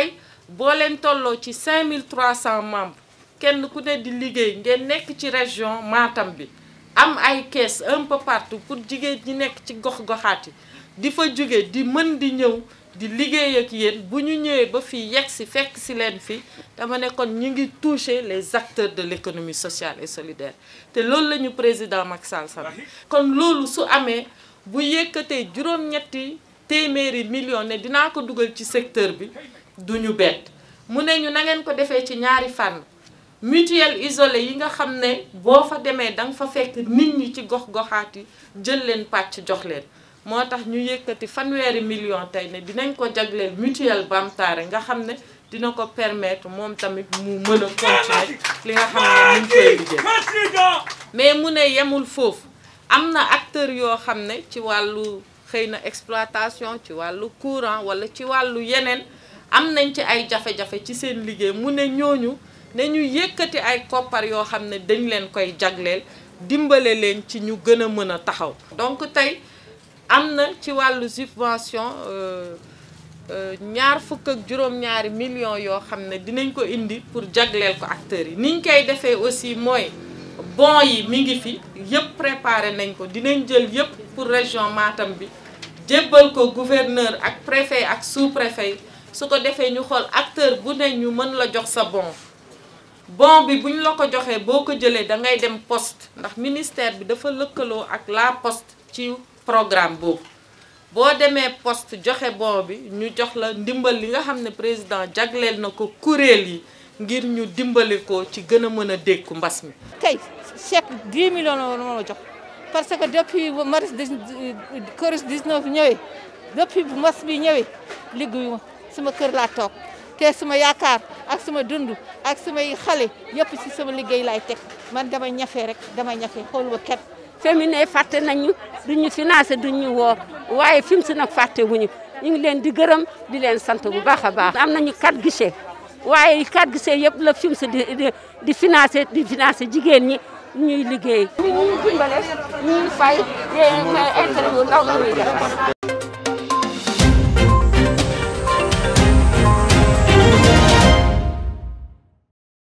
tey boo leen tolloo ci 5300 membres kenn ku ne di liguey ngeen nek ci région Matam bi am ay caisse un peu partout pour jigéen ñi nek ci gox-goxaat di fa jóge di mën di ñew di liguey ak yeen bu ñu ñëwee ba fi yexi si fekk si leen fii dama ne kon ñi ngi toucher les acteurs de l'économie sociale et solidaire te loolu lañu président Macky Sall sant kon loolu su amé bu yëkkatee juroom ñetti téeméeri million ne dina ko duggal ci secteur bi duñu bett mu ne ñu nangeen ko defee ci ñaari fànn mutuelle isolée yi nga xam ne boo fa demee danga fa fekk nit ñi ci gox goxaati jël leen pàcc jox leen moo tax ñu yëkkati fanweeri million tey ne dinañ ko jagleel mutuelle bamtaare nga xam ne dina ko permettre moom tamit mu mën a continuer li nga xam ne mu ngi mais mu ne yemul foofu am na acteur yoo xam ne ci wàllu xëy na exploitation ci wàllu courant wala ci wàllu yeneen am nañ ci ay jafe-jafe ci seen liggéey mu ne ñooñu ne ñu yëkkati ay koppar yoo xam ne dañ leen koy jagleel dimbale leen ci ñu gën a mën a taxaw. donc tey am na ci wàllu subvention euh, euh, ñaar fukk ak juróom-ñaari millions yoo xam ne dinañ ko indi pour jagleel ko acteurs yi niñ koy defee aussi mooy bon yi mi ngi fi yëpp préparé nañ ko dinañ jël yëpp pour région Matam bi jébbal ko gouverneur ak préfet ak sous-préfet. su ko defee ñu xool acteur bu ne ñu mën la jox sa bon bon bi bu ñu la ko joxee boo ko jëlee da ngay dem post ndax ministère bi dafa lëkkaloo ak la post ci programme boobu boo demee poste joxe bon bi ñu jox la ndimbal li nga xam ne président jagleel na ko kuréel yi ngir ñu dimbali ko ci gën a mën a dékku mbas mi. tey chèque 10 millions la woon ma jox parce que depuis mars euh, covid 19 ñëwee depuis bu mbas mi ñëwee liggéeyuma. suma kër laa toog te suma yaakaar ak suma dund ak sumay xale yëpp si sama liggéey lay teg man dama ñafe rek dama ñafe xooluma kenn féminin fàtte nañu duñu financé duñu woo waaye fi mu si nag fàtte wuñu ñu ngi leen di gërëm di leen sant bu baax a baax am nañu quatre guichets waaye quatre guichets yëpp la fi mu si di di di financé jigéen ñi ñuy liggéey ñu ñuy dimbale ñuy fay de interview ndaw la ñuy defar